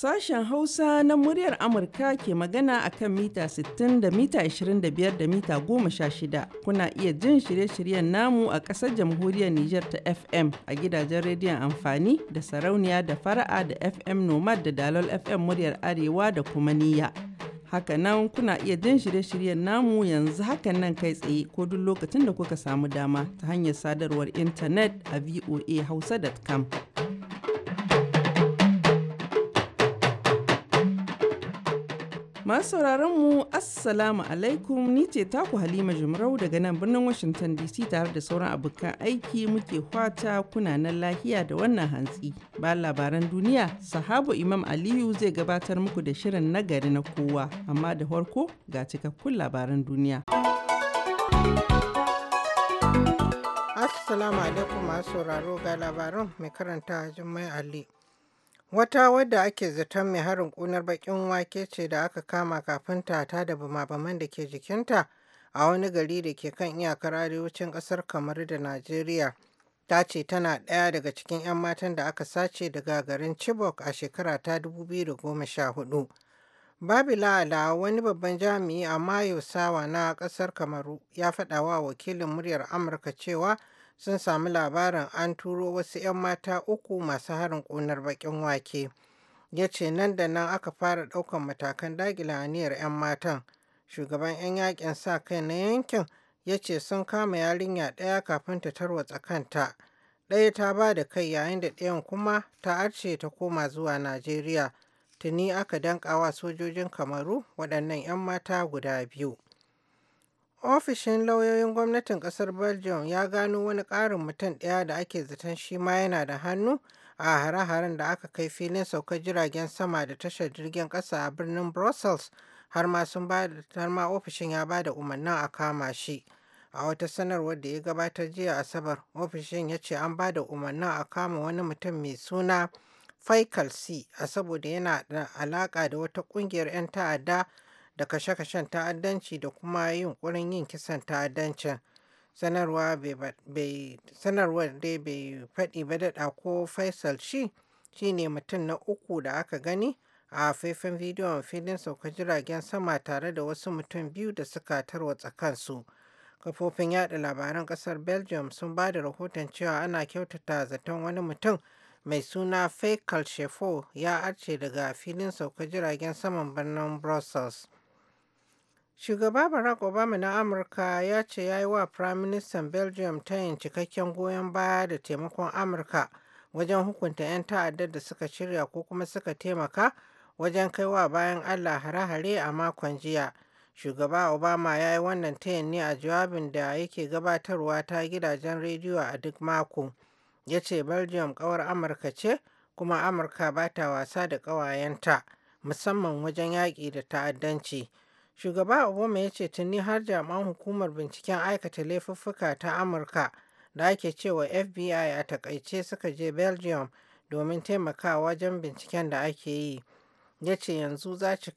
Sashen Hausa na muryar Amurka ke magana a kan mita 60 da mita 25 da mita 16. Kuna iya jin shirye-shiryen namu a ƙasar jamhuriyar Nijar ta FM a gidajen rediyon amfani da sarauniya da fara'a da FM Nomad da Dalol FM muryar Arewa da kuma niyya. Hakanan kuna iya jin shirye-shiryen namu yanzu hakan nan kai tsaye ko duk lokacin da kuka samu dama ta hanyar sadarwar intanet a voahausa.com. Masu sauraron mu Assalamu alaikum ni ce taku Halima Jumrau daga nan birnin Washington DC tare da sauran abokan aiki muke kwata kuna nan lahiya da wannan hantsi. Ba labaran duniya, sahabu Imam Aliyu zai gabatar muku da shirin nagari na kowa, amma da farko ga cikakkun labaran duniya. Assalamu alaikum masu sauraro ga labaran mai karanta Jummai Ali. Wata wadda ake zaton mai harin ƙunar baƙin wake ce da aka kama kafin ta ta da bumabaman da ke jikinta a wani gari da ke kan iyakar arewacin ƙasar kamar da Najeriya. Ta ce tana ɗaya daga cikin 'yan matan da aka sace daga garin Chibok a shekara ta 2014. Babu la'ala wani babban jami'i a Mayo Sawa na ƙasar Kamaru ya faɗa wa wakilin muryar Amurka cewa sun sami labarin an turo wasu 'yan mata uku masu harin ƙunar baƙin wake. Ya ce nan da nan aka fara ɗaukan matakan dagila aniyar 'yan matan. Shugaban 'yan yakin sa kai na yankin ya ce sun kama yarinya ɗaya kafin ta tarwatsa kanta. Ɗaya ta ba da kai yayin da ɗayan kuma ta arce ta koma zuwa Najeriya. Tuni aka danƙawa sojojin Kamaru waɗannan 'yan mata guda biyu. Ofishin lauyoyin gwamnatin kasar Belgium ya gano wani ƙarin mutum ɗaya da ake zaton shi ma yana da hannu a hare-haren da aka kai filin saukar jiragen sama da tashar jirgin ƙasa a birnin Brussels har ma sun ofishin ya ba da umarnin a kama shi. A wata sanarwar da ya gabatar jiya Asabar, ofishin ya ce an ba da umarnin a kama wani mutum mai suna Faikal C a saboda yana da alaƙa da wata ƙungiyar 'yan ta'adda da kashe-kashen ta'addanci da kuma yunkurin yin kisan ta'addancin sanarwar da bai faɗi ba daɗa ko faisal shi shine mutum na uku da aka gani a faifan bidiyon filin saukar jiragen sama tare da wasu mutum biyu da suka tarwatsa kansu kafofin yada labaran kasar belgium sun ba da rahoton cewa ana kyautata zaton wani mutum mai suna faikal shefo ya arce daga filin saukar jiragen saman birnin brussels Shugaba Barack Obama na Amurka ya ce ya yi wa Firaministan Belgium tayin cikakken goyon baya da taimakon Amurka wajen hukunta 'yan ta'addar da suka shirya ko kuma suka taimaka wajen kaiwa bayan Allah hare-hare a makon jiya. Shugaba Obama ya yi wannan tayin ne a jawabin da yake gabatarwa ta gidajen rediyo a duk mako. Ya ce Belgium kawar Amurka ce kuma Amurka ba ta wasa da ƙawayenta musamman wajen yaƙi da ta'addanci. Shugaba Obama ya ce tuni har jami'an hukumar binciken aikata laifuffuka ta Amurka da ake cewa FBI a takaice suka je Belgium domin taimakawa wajen binciken da ake yi. Ya ce yanzu za su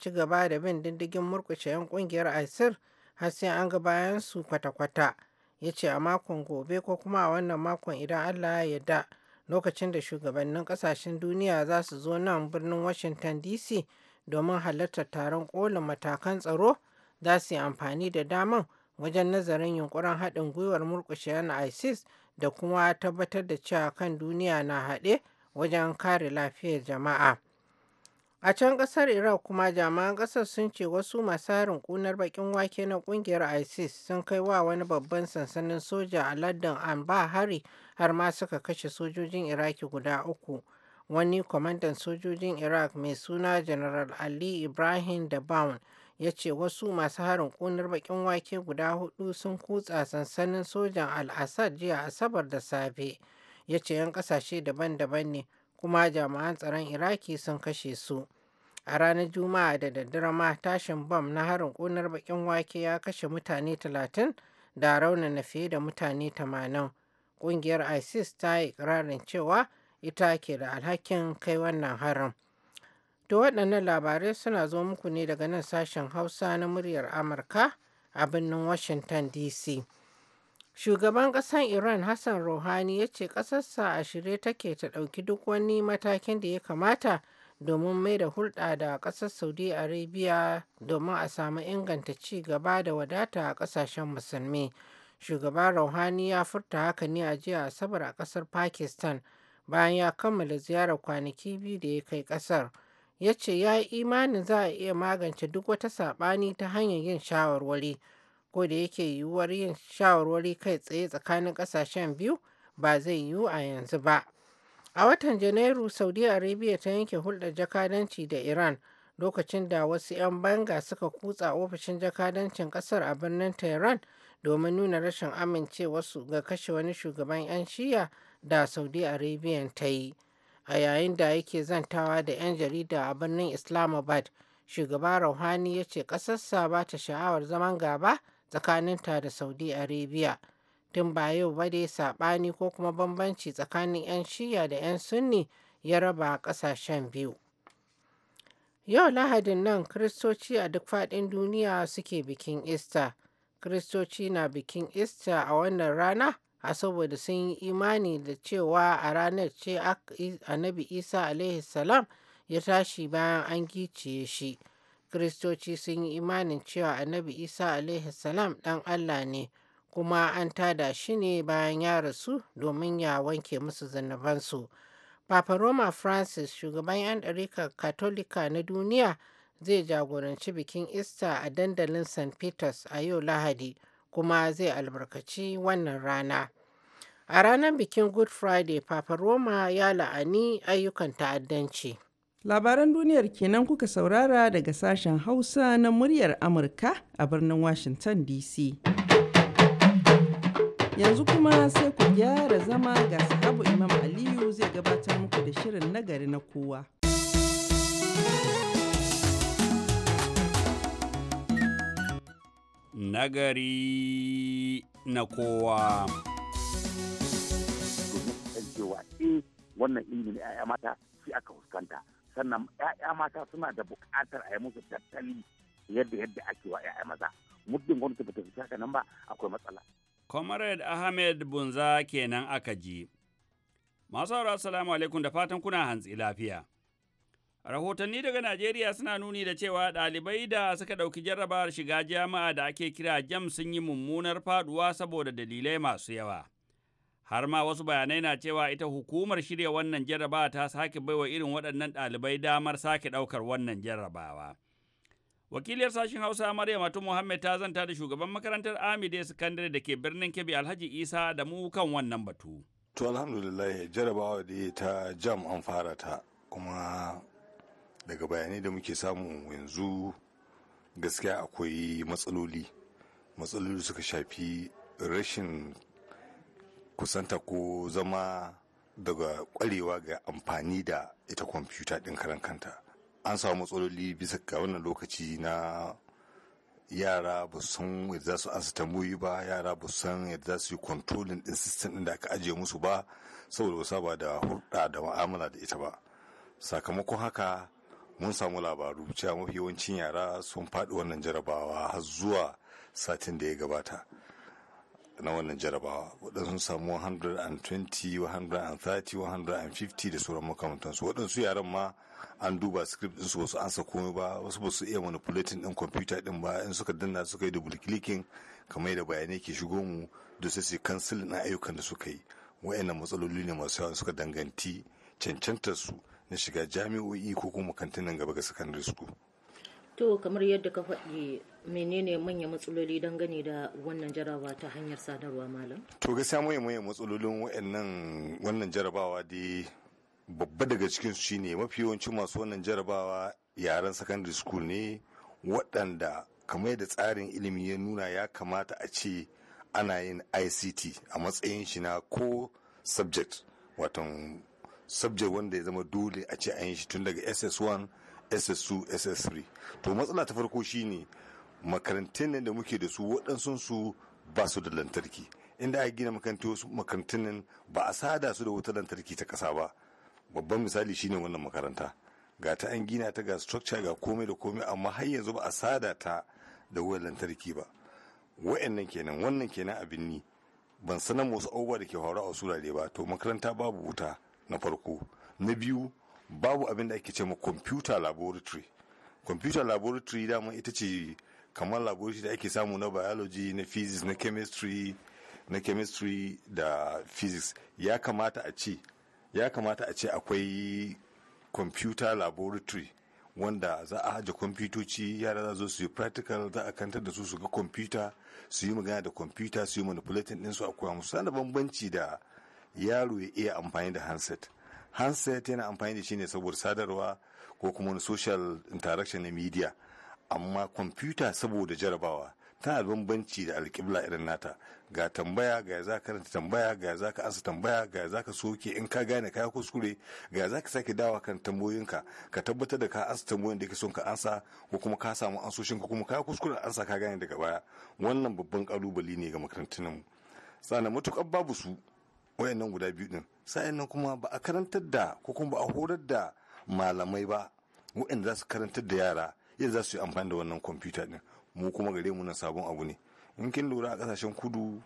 ci gaba da bin diddigin murkushe 'yan kungiyar ISIL har sai an ga bayan su kwata-kwata. Ya ce a makon gobe ko kuma a wannan makon idan Allah ya yarda lokacin da shugabannin kasashen duniya za su zo nan birnin Washington DC domin halartar taron kolin matakan tsaro za su yi amfani da daman wajen nazarin yunkurin haɗin gwiwar murkushe na isis da kuma tabbatar da cewa kan duniya na haɗe wajen kare lafiyar jama'a a can ƙasar iraq kuma jami'an ƙasar sun ce wasu masu harin ƙunar baƙin wake na ƙungiyar isis sun kai wa wani babban sansanin soja a lardin anba hari har ma suka kashe sojojin iraki guda uku wani kwamandan sojojin iraq mai suna general ali ibrahim dabaun ya ce wasu masu harin ƙunar bakin wake guda hudu sun kutsa sansanin sojan al-assad jiya asabar da safe ya ce 'yan kasashe daban-daban ne kuma jami'an tsaron iraki sun kashe su a ranar juma'a da daddare ma tashin bam na harin ƙunar bakin wake ya kashe mutane 30 da raunana fiye da mutane 80 ƙungiyar isis ta yi ikirarin cewa ita ke da alhakin kai wannan harin. To waɗannan labarai suna zo muku ne daga nan sashen Hausa na muryar Amurka a birnin Washington DC. Shugaban ƙasar Iran Hassan Rouhani ya ce ƙasarsa a shirye take ta ɗauki duk wani matakin da ya kamata domin mai da hulɗa da ƙasar Saudi Arabia domin a samu inganta ci gaba da wadata a ƙasashen musulmi. shugaban Rouhani ya furta haka ne a jiya Asabar a ƙasar Pakistan. bayan ya kammala ziyarar kwanaki biyu da ya kai ƙasar. Ya ce ya yi imanin za a iya magance duk wata saɓani ta hanyar yin shawarwari, ko da yake yiwuwar yin shawarwari kai tsaye tsakanin ƙasashen biyu ba zai yiwu a yanzu ba. A watan Janairu, Saudi Arabia ta yanke hulɗar jakadanci da Iran lokacin da wasu 'yan banga suka kutsa ofishin jakadancin ƙasar a birnin Tehran domin nuna rashin amincewarsu ga kashe wani shugaban 'yan shiya da saudi arabia ta yi a yayin da yake zantawa da 'yan jarida a birnin islamabad shugaba rauhani ya ce ƙasarsa ba ta sha'awar zaman gaba tsakaninta da saudi arabia tun ba yau ba dai saɓani ko kuma bambanci tsakanin 'yan shiya da 'yan sunni ya raba ƙasashen biyu yau lahadin nan kristoci a duk faɗin duniya suke bikin ista. Kristoci na bikin ista a wannan rana a saboda sun yi imani da cewa a ranar ce annabi isa alaihi salam ya tashi bayan an giciye shi kiristoci sun yi imanin cewa annabi isa alaihi salam dan allah ne kuma an tada shi ne bayan ya rasu domin ya wanke musu zunubansu papa roma francis shugaban 'yan ɗarika katolika na duniya zai jagoranci bikin easter a dandalin st peters a yau lahadi kuma zai albarkaci wannan rana. A ranar bikin Good Friday, Papa Roma ya la'ani ayyukan ta'addanci. Labaran duniyar kenan kuka saurara daga sashen Hausa na muryar Amurka a birnin Washington DC. Yanzu kuma sai ku gyara zama ga sahabu Imam Aliyu zai gabatar muku da shirin nagari na kowa. nagari na kowa. Eh, wannan ilimin ne 'ya'ya mata shi aka fuskanta. Sannan 'ya'ya mata suna da buƙatar a yi musu tattali yadda yadda ake wa 'ya'ya maza. Muddin gwamnati ba ta fi nan ba akwai matsala. Comrade Ahmed Bunza kenan aka ji. Masu sauraro salamu alaikum da fatan kuna hantsi lafiya. Rahotanni daga Najeriya suna nuni da cewa ɗalibai da suka ɗauki jarrabawar shiga jami'a da ake kira jam sun yi mummunar faduwa saboda dalilai masu yawa. Har ma wasu bayanai na cewa ita hukumar shirya wannan jarrabawa ta sake baiwa irin waɗannan ɗalibai damar sake ɗaukar wannan jarrabawa. Wakiliyar sashen Hausa Maryam Atu Muhammad ta zanta da shugaban makarantar Amide Sakandare da ke birnin Kebbi Alhaji Isa da mu kan wannan batu. To alhamdulillah jarrabawa da ta jam an fara ta kuma daga bayanai da muke samu yanzu gaskiya akwai matsaloli matsaloli suka shafi rashin kusanta ko zama daga kwarewa ga amfani da ita kwamfuta ɗin karan kanta an samu matsaloli bisa ga wannan lokaci na yara ba su san yadda za su ansa tambayoyi ba yara ba su san yadda za su yi kontrolin ɗin sistem din da aka ajiye musu ba saboda ba saba da hulɗa da ma'amala da ita ba sakamakon haka mun samu labaru cewa mafi yawancin yara sun faɗi wannan jarabawa har zuwa satin da ya gabata na wannan jarabawa waɗansu samu 120 130 150 da sauran makamantansu waɗansu yaran ma an duba script ɗinsu wasu an sa komai ba wasu ba su iya manipulating ɗin kwamfuta ɗin ba in suka danna suka yi double clicking kamar da bayanai ke shigo mu da sai su cancel na ayyukan da suka yi wa'annan matsaloli ne masu yawa suka danganti cancantar su na shiga jami'o'i ko kuma kantinan gaba ga secondary school to kamar yadda ka faɗi menene manyan matsaloli dangane da wannan jarabawa ta hanyar sadarwa malam to gaskiya manyan manyan matsalolin wa'annan wannan jarabawa dai babba daga cikin su shine mafi yawanci masu wannan jarabawa yaren secondary school ne waɗanda kamar da tsarin ilimi ya nuna ya kamata a ce ana yin ict a matsayin shi na ko subject watan subject wanda ya zama dole a ce an yi shi tun daga ss1 ss2 ss3 to matsala ta farko shine makarantun nan da muke da su waɗansu su ba su da lantarki inda aka gina makarantu makarantun ba a sada su da wutar lantarki ta kasa ba babban misali shine wannan makaranta ga ta an gina ta ga structure ga komai da komai amma har yanzu ba a sada ta da wutar lantarki ba wa'annan kenan wannan kenan abin ni ban sanar wasu abubuwa da ke faruwa a surare ba to makaranta babu wuta na farko na biyu babu abin da ake ce ma computer laboratory computer laboratory dama ita ce kamar laboratory da ake samu na biology na physics na chemistry na chemistry da physics ya kamata a ce ya kamata a ce akwai computer laboratory wanda za a haja kwamfutoci yara za zo su yi practical za a kantar da su su ga kwamfuta su yi magana da kwamfuta su yi manipulating ɗinsu a koya musu da bambanci da yaro ya iya amfani da handset handset yana amfani da shi ne saboda sadarwa ko kuma wani social interaction na media amma kwamfuta saboda jarabawa tana da bambanci da alƙibla irin nata ga tambaya ga za ka karanta tambaya ga za ka ansa tambaya ga za ka soke in ka gane ka kuskure ga za ka sake dawa kan tambayoyinka ka tabbatar da ka ansa tambayoyin da kake son ka ansa ko kuma ka samu ansoshin ka kuma ka kuskure ansa ka gane daga baya wannan babban kalubale ne ga makarantun mu sannan matukar babu su wayannan guda biyu din sa'an nan kuma ba a karantar da ko kuma ba a horar da malamai ba wa'anda za su karantar da yara yadda za su yi amfani da wannan kwamfuta din mu kuma gare mu na sabon abu ne in kin lura a kasashen kudu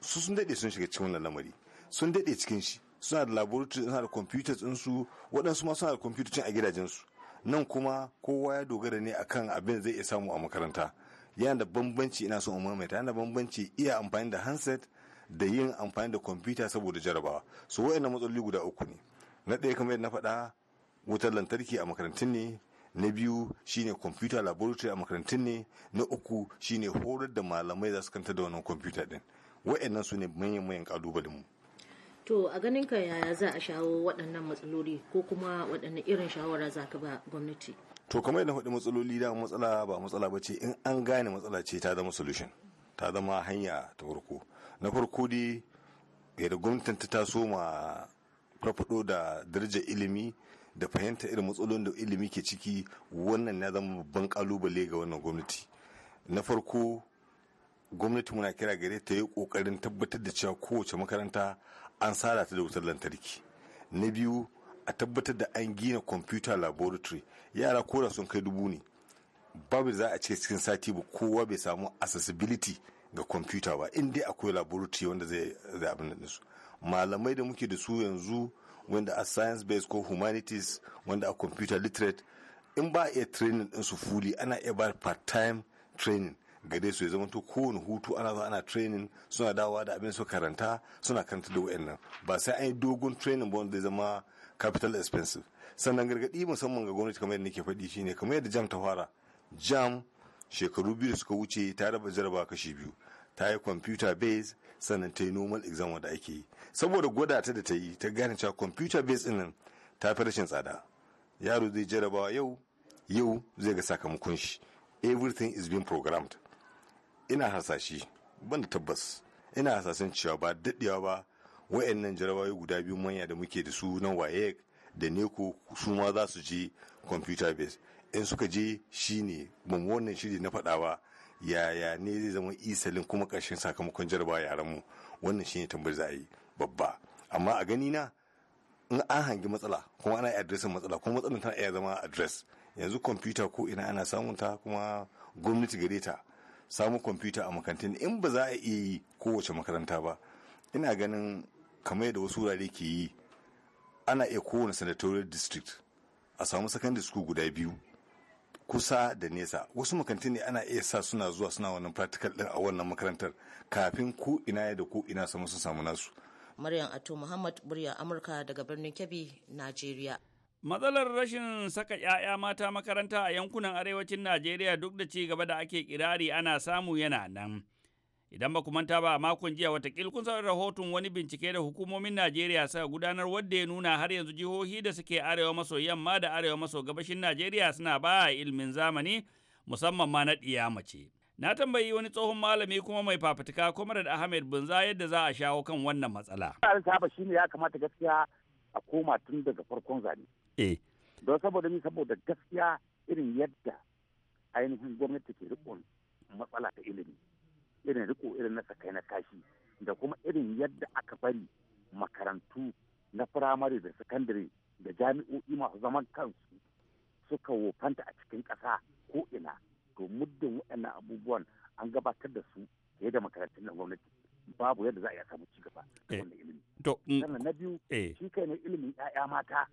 su sun daɗe sun shiga cikin wannan lamari sun daɗe cikin shi suna da laboratory suna da computers su waɗansu ma suna da computers a gidajensu nan kuma kowa ya dogara ne akan abin zai iya samu a makaranta yana da bambanci ina son ta yana da bambanci iya amfani da handset da yin amfani da kwamfuta saboda jarabawa su wa'annan matsaloli guda uku ne na ɗaya kamar yadda na faɗa wutar lantarki a makarantun ne na biyu shine kwamfuta laboratory a makarantun ne na uku shine horar da malamai za su kanta da wannan kwamfuta din wa'annan su ne manyan manyan kalubalen mu to a ganin ka yaya za a shawo waɗannan matsaloli ko kuma waɗanne irin shawara za ka ba gwamnati to kamar yadda faɗi matsaloli da matsala ba matsala ba ce in an gane matsala ce ta zama solution ta zama hanya ta farko na farko dai yadda gwamnatin ta taso ma farfado da daraja ilimi da fahimta irin matsalolin da ilimi ke ciki wannan ya zama babban kalubale ga wannan gwamnati na farko gwamnati muna kira gare ta yi kokarin tabbatar da cewa kowace makaranta an sada ta da wutar lantarki na biyu a tabbatar da an gina computer laboratory yara kora sun kai dubu ne babu za a ce cikin sati ba kowa bai samu accessibility ga kwamfuta ba in dai akwai laboratory wanda zai abin da su malamai da muke da su yanzu wanda a science based ko humanities wanda a computer literate in ba iya training din su fuli ana iya ba part time training gare su ya zama to kowane hutu ana zo ana training suna dawowa da abin su karanta suna karanta da wayannan ba sai an yi dogon training ba wanda zai zama capital expensive sannan gargadi musamman ga gwamnati kamar yadda nake faɗi shine kamar yadda jam ta fara jam shekaru biyu da suka wuce ta raba jaraba kashi biyu ta yi computer base sannan ta yi normal exam da ake yi saboda gwada ta da ta yi ta gane cewa computer base ɗin ta fi rashin tsada yaro zai jarabawa yau yau zai ga sakamakon shi everything is being programmed ina hasashe ban da tabbas ina hasashen cewa ba daɗewa ba wa'annan jarabawa guda biyu manya da muke da su na waye da neko su ma za su je computer base in suka je shine mummunan shiri na faɗawa yaya ne zai zama isalin kuma ƙarshen sakamakon jarabawa ya mu wannan shine tambayar za a yi babba amma a gani na in an hangi matsala kuma ana adresin matsala kuma matsalar tana iya zama adres yanzu kwamfuta ko ina ana samun ta kuma gwamnati gare ta samun kwamfuta a makarantun in ba za a iya yi kowace makaranta ba ina ganin kamar yadda wasu wurare ke yi ana iya kowane senatorial district a samu secondary school guda biyu kusa da nesa wasu makarantun ne ana iya sa suna zuwa suna wannan practical din a wannan makarantar kafin ku ina da ku ina samu sun samu nasu maryam ato muhammad murya amurka daga birnin kebbi najeriya Matsalar rashin saka ‘ya'ya mata makaranta a yankunan arewacin Najeriya duk da ci gaba da ake kirari ana samu yana nan. Idan ba ku manta ba a makon jiya watakil kun saurari rahoton wani bincike da hukumomin Najeriya suka gudanar wadda ya nuna har yanzu jihohi da suke arewa maso yamma da arewa maso gabashin Najeriya suna ba ilimin zamani musamman ma na ɗiya mace. Na tambayi wani tsohon malami kuma mai fafutuka Comrade Ahmed Bunza yadda za a shawo kan wannan matsala. Ba shi ne ya kamata gaskiya a koma tun daga farkon zane. Eh. Don saboda ni saboda gaskiya irin yadda ainihin gwamnati ke riƙon matsala ta ilimi. irin riko irin na sakai na kashi da kuma irin yadda aka bari makarantu na firamare da sakandare da jami'o'i masu zaman kansu suka wofanta a cikin ƙasa ko ina to muddin waɗannan abubuwan an gabatar da su fiye da makarantun na gwamnati babu yadda za a iya samu ci gaba eh, wannan ilimi. Mm, Sannan na biyu eh. shi kai ne ilimin 'ya'ya mata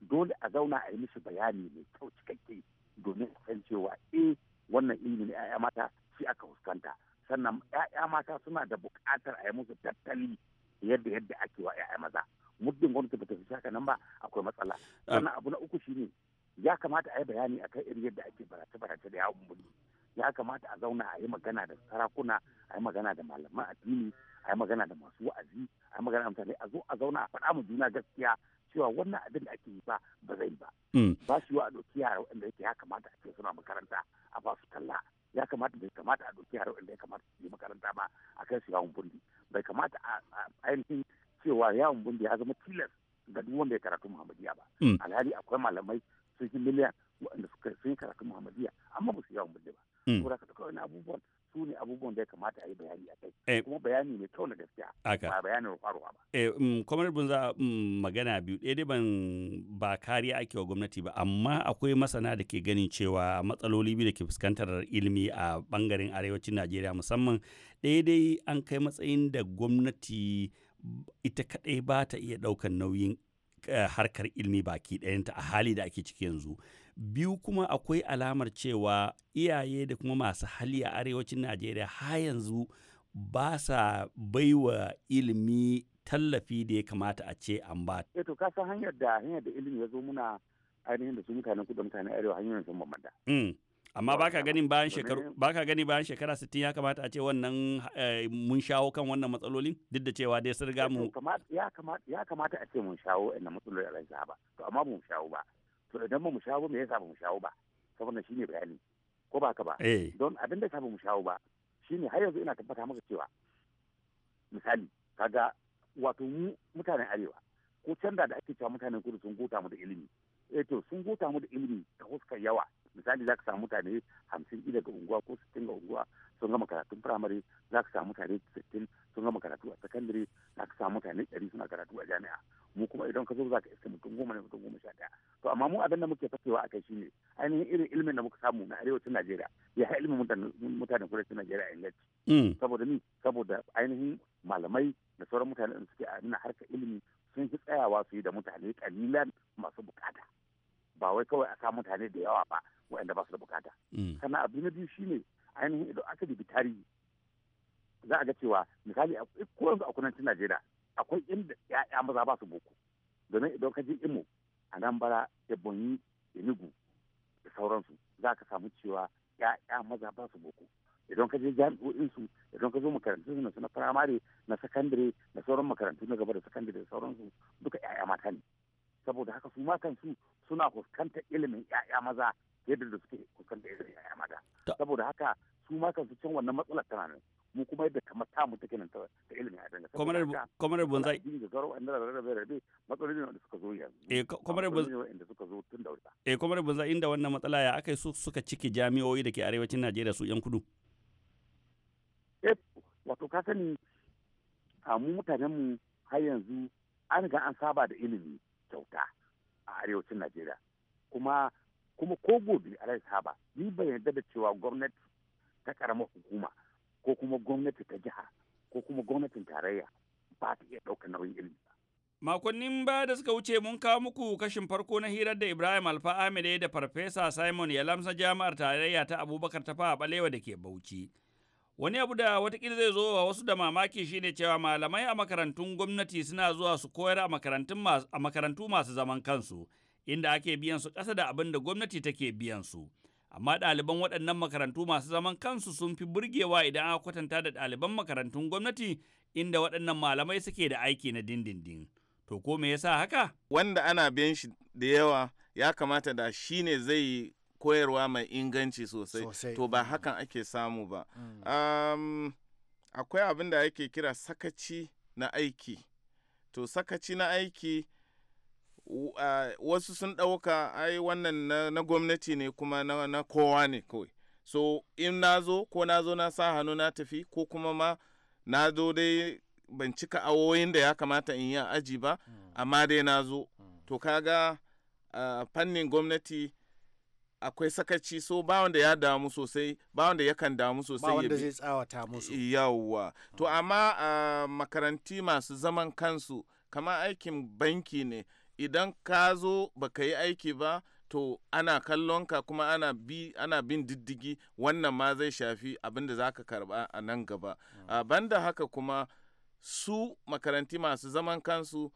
dole a zauna a yi mishi bayani mai kyau cikakke domin san cewa eh wannan ilimin 'ya'ya mata shi aka fuskanta. sannan 'ya'ya mata suna da buƙatar a yi musu tattali yadda yadda ake wa 'ya'ya maza muddin gwamnati ba ta fi haka nan ba akwai matsala sannan abu na uku shine ya kamata a yi bayani a akan irin yadda ake barace barace da yawon mulki ya kamata a zauna a yi magana da sarakuna a yi magana da malaman addini a yi magana da masu wa'azi a yi magana da mutane a zo a zauna a faɗa mu juna gaskiya cewa wannan abin da ake yi ba ba zai ba mm. ba shi wa a ɗauki yara waɗanda yake ya kamata a ce suna makaranta a ba su talla ya kamata bai kamata a doki yaran da ya kamata su yi makaranta ba a kai su yawon bundi bai kamata a ainihin cewa yawon bundi ya zama tilas ga duk wanda ya karatu muhammadiya ba hmm. alhali akwai malamai sun yi miliyan waɗanda suka yi karatu muhammadiya amma ba su yawon bundi ba hmm. saboda ka abubuwan su ne abubuwan da ya kamata a yi bayani a kai eh. kuma bayani mai kyau na gaskiya ba bayanin faruwa ba eh kamar mm, za mm, magana biyu ɗaya ban ba kariya ake wa gwamnati ba amma akwai masana da ke ganin cewa matsaloli biyu da ke fuskantar ilimi a bangaren arewacin Najeriya musamman ɗaya dai an kai matsayin da gwamnati ita kaɗai ba ta iya ɗaukar nauyin eh, harkar ilimi baki ɗayanta a hali da ake ciki yanzu biyu kuma akwai alamar cewa iyaye da kuma masu hali a arewacin najeriya har yanzu ba sa baiwa ilimi tallafi da ya kamata a ce an ba. E to kasan hanyar da hanyar da ilimi ya zo muna ainihin da su mutanen kudu mutanen arewa hanyoyin sun bambanta. Mm. Amma baka ganin bayan shekaru baka gani bayan shekara 60 ya kamata a ce wannan eh, mun shawo kan wannan matsalolin duk da cewa dai sun riga eh mu ya kamata a ce mun shawo inda matsalolin a ba to amma mun shawo ba to idan ba mu shawo me yasa ba mu shawo ba saboda ne bayani ko ba ka ba eh. don abin da ka ba mu shawo ba shine har yanzu ina tabbata maka cewa misali kaga wato mu mutanen arewa ko canza da ake cewa mutanen kudu sun gota mu da ilimi eh to sun gota mu da ilimi ta huskar yawa misali za ka samu mutane hamsin ɗi daga unguwa ko sittin ga unguwa sun gama karatun firamare za ka samu mutane sittin sun gama karatu a sakandare za ka samu mutane ɗari suna karatu a jami'a mu kuma idan ka zo za ka iska mutum goma ne mutum goma sha ɗaya to amma mu abin da muke fakewa a kai shine ainihin irin ilimin da muka samu na arewacin najeriya ya ha ilimin mutanen kudancin najeriya a inganci mm. saboda ni saboda ainihin malamai da sauran mutane da suke a nuna harkar ilimi sun fi tsayawa su yi da mutane kalilan masu bukata ba wai kawai a sa mutane da yawa ba waɗanda ba su da bukata mm. sannan abu na biyu shine ainihin idan aka dubi tarihi za a ga cewa misali ko yanzu a kudancin najeriya akwai inda ya'ya maza ba su boko domin idan ka je imo a nan bara ebonyi enugu da sauransu za ka samu cewa ya'ya maza ba su boko idan ka je jami'o'insu idan ka zo makarantun su na firamare na sakandare na sauran makarantu na gaba da sakandare da sauransu duka ya'ya mata ne saboda haka su matan su suna fuskantar ilimin ya'ya maza yadda da suke kusan da irin yaya mada saboda haka su ma kansu cin wannan matsalar tana nan mu kuma yadda kamar ta mu take nan ta ilimin a danga kwamarar bunzai da sauran wanda da rabe rabe matsalolin da suka zo yanzu eh kwamarar bunzai da suka zo tun da wuri eh kwamarar bunzai inda wannan matsala ya akai su suka ciki jami'o'i da ke arewacin Najeriya su yan kudu eh wato ka sani a mu mutanen mu har yanzu an ga an saba da ilimi kyauta a arewacin Najeriya kuma kuma ko gobe a saba ni ban yarda da cewa gwamnati ta karamar hukuma ko kuma gwamnati ta jiha ko kuma gwamnatin tarayya ba ta iya ɗaukar nauyin ilimi ba. Makonnin baya da suka wuce mun kawo muku kashin farko na hirar da Ibrahim Alfa Amide da Farfesa Simon ya lamsa jami'ar tarayya ta Abubakar Tafa a Balewa da ke Bauchi. Wani abu da watakila zai zo wa wasu da mamaki shine cewa malamai a makarantun gwamnati suna zuwa su koyar a makarantu masu zaman kansu. inda ake biyan su ƙasa da abin da gwamnati take biyan su. Amma ɗaliban waɗannan makarantu masu zaman kansu sun fi burgewa idan aka kwatanta da ɗaliban makarantun gwamnati inda waɗannan malamai suke da aiki na dindindin. To ko me yasa haka? Wanda ana biyan shi da yawa ya kamata da shi ne zai yi koyarwa mai inganci sosai. To ba hakan ake samu ba. Mm. akwai abin da ake kira sakaci na aiki. To sakaci na aiki wasu sun ɗauka ai wannan na gwamnati ne kuma na kowa ne kawai so in na zo ko na zo na sa hannu na tafi ko kuma ma na zo dai ban cika awoyin da ya kamata in yi a aji ba mm. amma dai na zo mm. to kaga fannin gwamnati akwai sakaci so ba wanda ya damu sosai ba wanda ya kan damu sosai ba wanda zai tsawata musu yawwa to mm. amma makaranti masu zaman kansu kamar aikin banki ne idan ka zo baka yi aiki ba to ana kallon ka kuma ana bi ana bin diddigi wannan ma zai shafi abin da ka karba a nan gaba a banda haka kuma su makaranti masu zaman kansu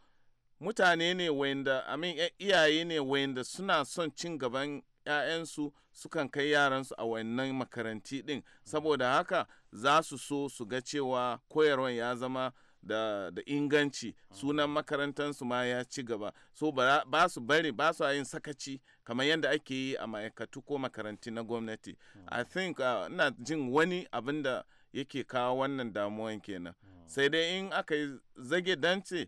mutane ne wayanda amin eh, iyaye ne wayanda suna son cin gaban 'ya'yansu sukan kai yaransu a wannan makaranti ɗin saboda haka za su so su ga cewa koyarwan ya zama da, da inganci sunan makarantansu ma ya ci gaba so ba su bari ba su yin sakaci kamar yadda ake yi a ma'aikatu ko makaranti na gwamnati i think uh, ina uh, jin wani abin da yake kawo wannan damuwan kenan sai dai in aka yi zage dance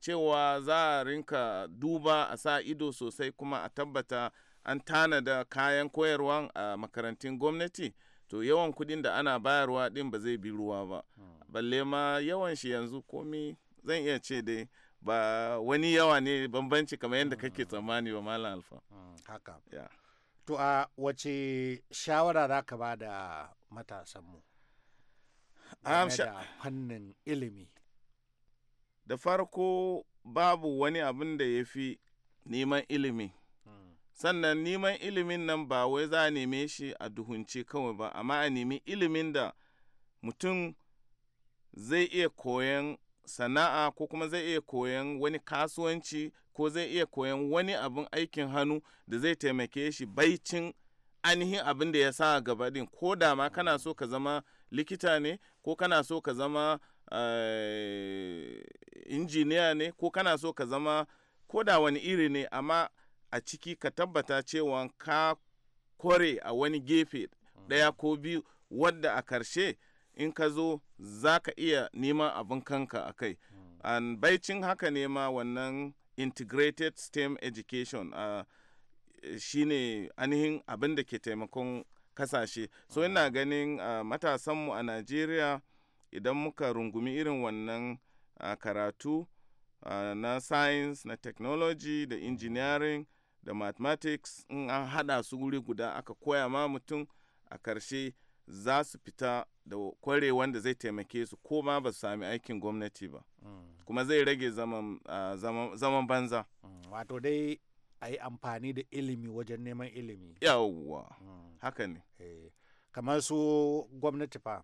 cewa za a rinka duba a sa ido sosai kuma a tabbata an tanada kayan koyarwa a makarantun gwamnati to yawan kuɗin da ana bayarwa din ba zai bi ruwa ba hmm. balle ma yawan shi yanzu komi zan iya ce dai ba wani yawa ne bambanci kamar yadda kake hmm. tsammani ba malam alfa hmm. haka to a wace shawara za ka ba da matasanmu da fannin ilimi da farko babu wani abin da ya fi neman ilimi sannan neman ilimin nan ba wai za a neme shi a duhunce kawai ba amma a nemi ilimin da mutum zai iya koyan sana'a ko kuma zai iya koyan wani kasuwanci ko zai iya koyan wani abin aikin hannu da zai taimake shi baicin ainihin abin da ya sa gaba din ko da ma kana so ka zama likita ne ko kana so ka zama eh, injiniya ne ko kana so ka zama ko da wani iri ne amma a ciki ka tabbata cewa ka kware a wani gefe hmm. ɗaya ko biyu wadda a karshe in ka zo za ka iya neman abin kanka a kai hmm. an baicin haka ne ma wannan integrated stem education uh, shine ainihin abin da ke taimakon kasashe so hmm. ina ganin matasanmu a najeriya idan muka rungumi irin wannan karatu na science na technology da engineering da mathematics in an haɗa su guri guda aka koya ma mutum a ƙarshe za su fita da kware wanda zai taimake su ko ma ba su sami aikin gwamnati ba mm. kuma zai rage zaman banza mm. wato dai a yi amfani da ilimi wajen neman ilimi yawwa mm. haka ne eh, kamar su gwamnati fa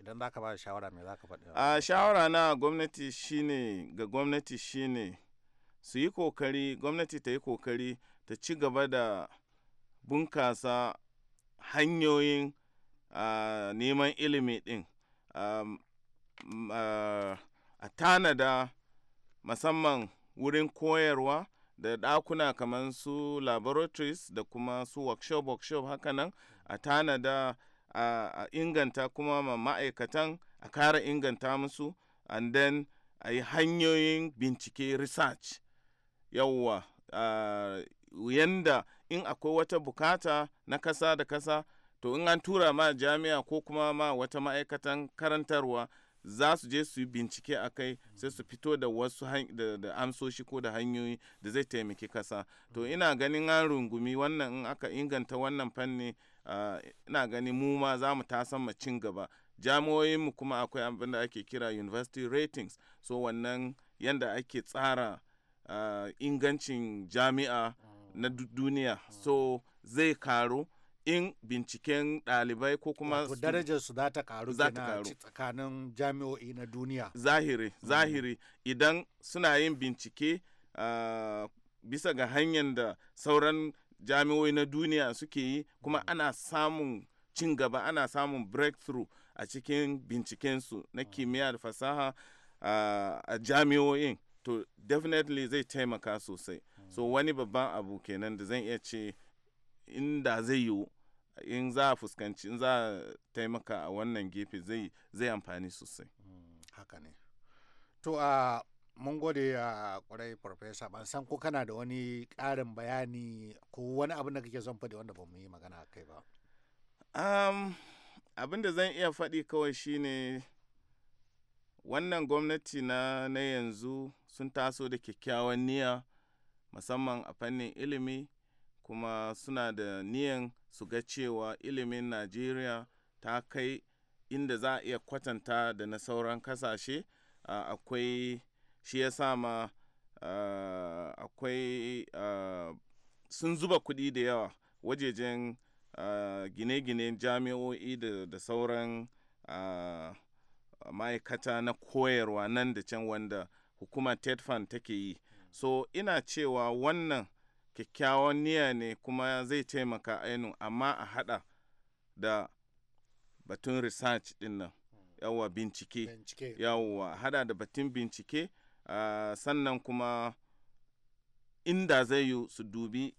idan za ka ba shawara me za ka faɗi a shawara na gwamnati shine ga gwamnati shine su yi kokari gwamnati ta yi kokari ta ci gaba da bunkasa hanyoyin neman ilimi ɗin a tanada musamman wurin koyarwa da ɗakuna kamar su laboratories da kuma su workshop workshop hakanan a tanada a inganta kuma ma ma'aikatan a kara inganta musu and then a yi hanyoyin bincike research yawwa yanda in akwai wata bukata na kasa da kasa to in an tura ma jami'a ko kuma ma wata ma'aikatan karantarwa za su je su yi bincike a kai sai su fito da wasu da amsoshi ko da hanyoyi da zai taimaki kasa to ina ganin an rungumi wannan in aka inganta wannan fanni ina gani mu ma za mu tasan cin gaba mu kuma akwai abin da ake kira university ratings so wannan yanda ake tsara ingancin jami'a na duniya so zai karu in binciken dalibai ko kuma darajar su za ta karu za ta karu tsakanin jami'o'i na duniya zahiri hmm. zahiri idan suna yin bincike ah, bisa ga hanyar da sauran jami'o'i na duniya suke yi kuma hmm. ana samun cin gaba ana samun breakthrough a cikin bincikensu na hmm. kimiyya da fasaha ah, a jami'o'in to definitely zai taimaka sosai so wani babban abu kenan da zan iya ce inda zai yiwu in za a fuskanci in za a taimaka a wannan gefe zai amfani sosai mm, haka ne to a mun gode a kwarai farfesa ban san ko kana da wani ƙarin bayani ko wani abin da kake son faɗi wanda ba mu yi magana a kai ba abin da zan iya faɗi kawai shine wannan gwamnati na yanzu sun taso da kyakkyawan niyya musamman a fannin ilimi kuma suna da niyan su ga cewa ilimin najeriya ta kai inda za a iya kwatanta da na sauran kasashe akwai shi ya sa ma akwai sun zuba kuɗi da yawa wajejen gine-ginen jami'o'i da sauran ma'aikata na koyarwa nan da can wanda hukumar ted fund take yi so ina cewa wannan kyakkyawan niyya ne kuma zai taimaka ainu amma a hada da batun research din nan yawwa bincike yawwa hada da batun bincike sannan kuma inda zai yi su dubi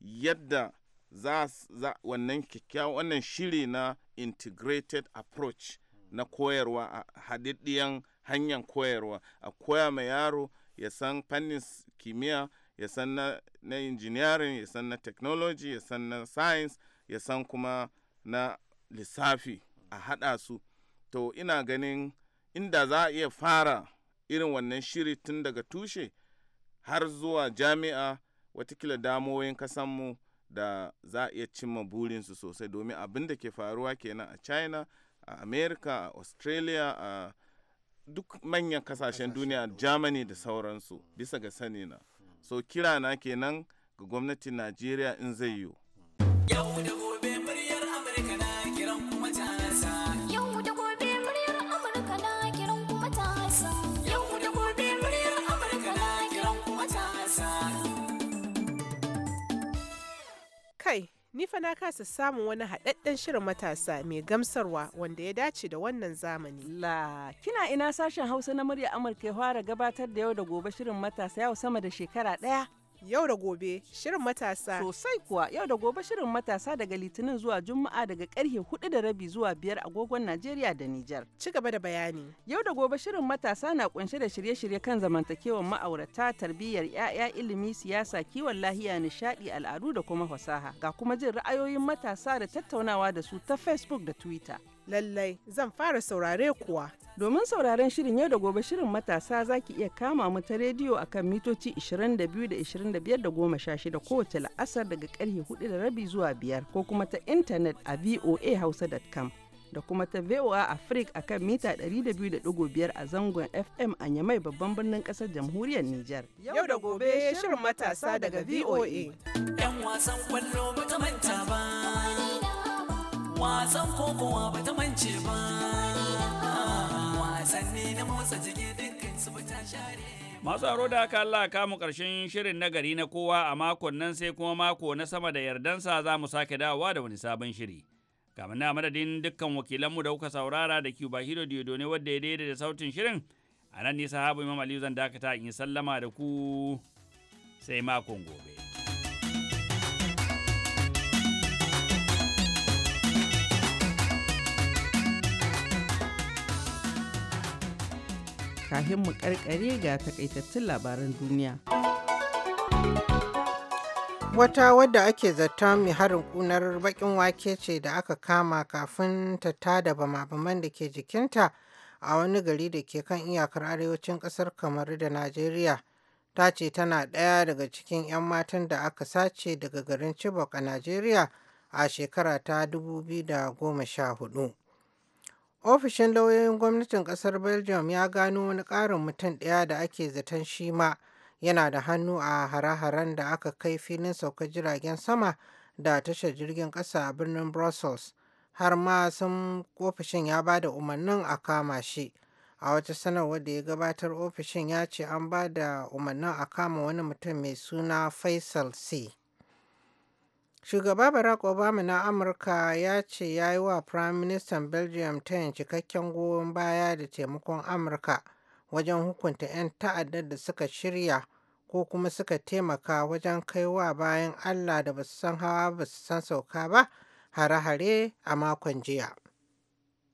yadda za, za wannan kyakkyawan wannan shiri na integrated approach na koyarwa a haɗiɗɗiyan hanyar koyarwa a koya mai yaro ya san fannin kimiyya ya san na, na engineering ya san na technology ya san na science ya san kuma na lissafi a haɗa su to ina ganin inda za a iya fara irin wannan shiri tun daga tushe har zuwa jami'a watakila damoyin kasanmu da za a iya cimma burinsu sosai domin abin da ke faruwa kenan a china a america a australia a duk manyan kasashen duniya germany da sauransu bisa ga sani na so kira na kenan ga gwamnatin najeriya in zai yiwu Ni fa na kasa samun wani haɗaɗɗen shirin matasa mai gamsarwa wanda ya dace da wannan zamani. La, kina ina sashen Hausa na murya Amurka ya fara gabatar da yau da gobe shirin matasa yau sama da shekara ɗaya. yau da gobe shirin matasa. Sosai kuwa yau da gobe shirin matasa daga litinin zuwa juma'a daga karhe hudu da rabi zuwa biyar agogon Najeriya da Nijar. Ci gaba da bayani. Yau da gobe shirin matasa na kunshe da shirye-shirye kan zamantakewar ma'aurata, tarbiyyar 'ya'ya, ilimi, siyasa, kiwon lahiya, nishadi, al'adu da kuma fasaha. Ga kuma jin ra'ayoyin matasa da tattaunawa da su ta Facebook da Twitter. lallai zan fara saurare kuwa. Domin sauraren shirin yau da gobe shirin matasa za ki iya kama mu ta rediyo a kan mitoci 22 da 25 da 16 kowace la'asar daga karfe 4 da rabi zuwa biyar ko kuma ta intanet a voahausa.com da kuma ta VOA Africa a kan mita 200.5 a zangon FM a Nyamai babban birnin kasar jamhuriyar Nijar. Yau da gobe shirin matasa daga VOA. 'Yan wasan kwallo ba ta manta ba. wasan kokowa ba ta mance ba wasanni na motsa jiki dukkan su share masu aro da aka Allah kamu ƙarshen shirin na gari na kowa a makon nan sai kuma mako na sama da yardansa za mu sake dawowa da wani sabon shiri kamar na madadin dukkan wakilanmu da kuka saurara da Cuba Hiro Diodo ne wadda ya daidai da sautin shirin a nan nisa habu Imam Aliyu zan dakata in yi sallama da ku sai makon gobe. kahin mu karkare ga takaitattun labaran duniya. Wata wadda ake zata mai harin kunar bakin wake ce da aka kama kafin ta tada bama-baman da ke jikinta a wani gari da ke kan iyakar arewacin kasar kamar da Najeriya. Ta ce tana ɗaya daga cikin 'yan matan da aka sace daga garin Chibok a Najeriya a shekara ta 2014. Ofishin lauyoyin gwamnatin ƙasar Belgium ya gano wani ƙarin mutum ɗaya da ake zaton shi ma yana da hannu a hare-haren da aka kai filin saukar jiragen sama da tashar jirgin ƙasa a birnin Brussels. Har ma sun ofishin ya ba da umarnin a kama shi. A wata sanarwar da ya gabatar ofishin ya ce an ba da umarnin a kama wani mutum mai suna Faisal C. Shugaba Barack Obama na Amurka ya ce ya yi wa Prime Minister Belgium ta yin cikakken goyon baya da taimakon Amurka wajen hukunta 'yan ta'addar da suka shirya ko kuma suka taimaka wajen kaiwa bayan Allah da ba su san hawa ba su san sauka ba hare-hare a makon jiya.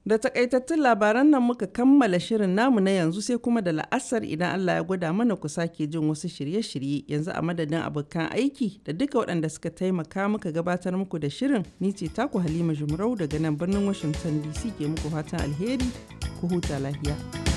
Da takaitattun labaran nan muka kammala shirin namu na yanzu sai kuma da la'asar idan Allah ya gwada mana ku sake jin wasu shirye-shirye yanzu a madadin abokan aiki da duka waɗanda suka taimaka muka gabatar muku da shirin ni ce taku Halima Jumrau daga nan birnin Washington DC ke muku fatan alheri ku huta lafiya.